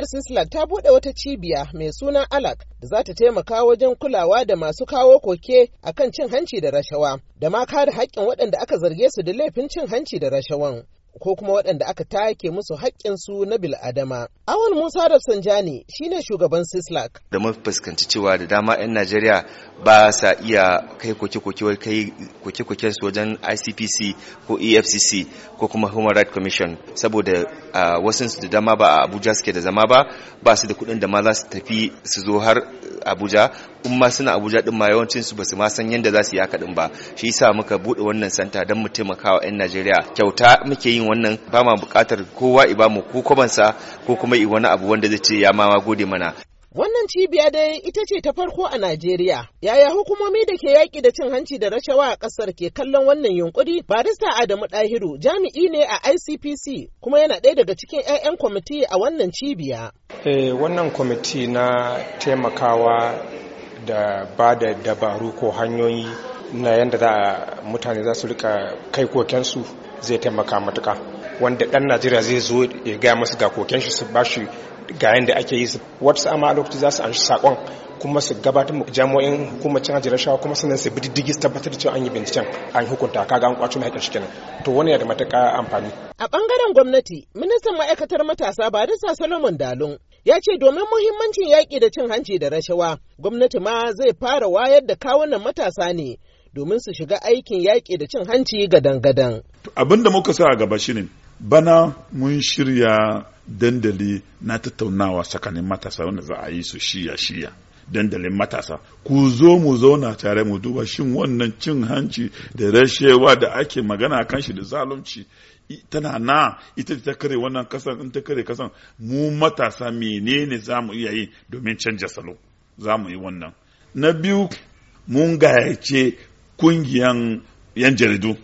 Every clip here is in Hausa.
Ƙungiyar Sisla ta buɗe wata cibiya mai suna Alak da za ta taimaka wajen kulawa da masu kawo koke akan cin hanci da rashawa da ma kare haƙƙin waɗanda aka zarge su da laifin cin hanci da rashawan. ko kuma waɗanda aka take musu haƙƙinsu na bil'adama. Awal Musa da Sanjani shine shugaban Sislak. Da mun fuskanci cewa da dama 'yan Najeriya ba sa iya kai koke-koke su wajen ICPC ko EFCC ko kuma Human Rights Commission saboda wasu su da dama ba a Abuja suke da zama ba ba su da kuɗin da ma za su tafi su zo har Abuja in ma suna abuja din ma yawancin su basu ma san yadda za su yi haka ba shi yasa muka buɗe wannan santa don mu taimaka wa yan najeriya kyauta muke yin wannan ba ma bukatar kowa i ba mu ko kwabansa ko kuma i wani abu wanda zai ce ya ma gode mana Wannan cibiya dai ita ce ta farko a Najeriya. Yaya hukumomi da ke yaƙi da cin hanci da rashawa a ƙasar ke kallon wannan yunƙuri? Barista Adamu Ɗahiru jami'i ne a ICPC kuma yana ɗaya daga cikin 'ya'yan kwamiti a wannan cibiya. Eh, wannan kwamiti na taimakawa da ba da dabaru ko hanyoyi na yadda mutane za su rika kai kokensu zai taimaka matuka wanda dan najeriya zai zo ya gaya masu ga koken shi su ba shi ga yadda ake yi wata sama a lokaci za su shi sakon kuma su gabatar mu jami'o'in hukumar cin shawa kuma sannan su bi diddigi su tabbatar da cewa an yi binciken an hukunta kaga an kwaci mai shi kenan to wani da matuƙa amfani a bangaren gwamnati ministan ma'aikatar matasa ba sa solomon dalon ya ce domin muhimmancin yaƙi da cin hanci da rashawa gwamnati ma zai fara wayar da kawunan matasa ne domin su shiga aikin yaƙi da cin hanci gadan-gadan. abin da muka sa a gaba shine bana mun shirya dandali na tattaunawa tsakanin matasa wanda za a yi su shiya shiya dandalin matasa ku zo mu zauna tare mu duba shin wannan cin hanci da rashewa da ake magana kan shi da zalunci tana na ita ta kare wannan kasan in ta kare kasan mu matasa menene za mu iya yi domin canja salo za mu yi wannan na biyu mun gayace kungiyan yan jaridu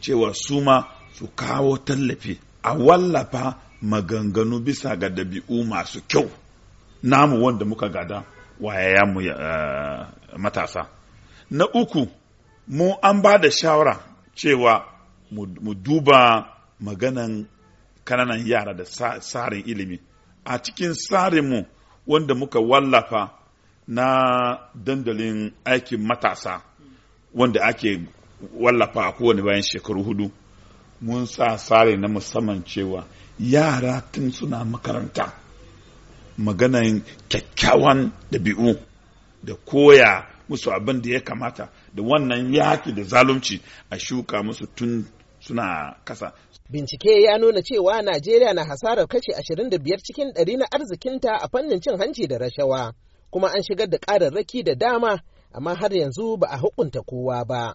cewa su ma su kawo tallafi a wallafa maganganu bisa ga dabi'u masu kyau namu wanda muka gada wayaya mu eh, matasa na uku mu an ba da shawara cewa mu duba maganan kananan yara da tsarin ilimi a cikin mu wanda muka wallafa na dandalin aikin matasa wanda ake wallafa a kowane bayan shekaru hudu mun sa sare na musamman cewa yara tun suna makaranta maganan kyakkyawan dabi'u da koya musu abin da ya kamata da wannan yaki da zalunci a shuka musu tun suna ƙasa. Bincike ya nuna cewa Najeriya na hasarar kashi 25 cikin ɗari na arzikinta a fannin cin hanci da rashawa, kuma an shigar da ƙararraki da dama, amma har yanzu ba a hukunta kowa ba.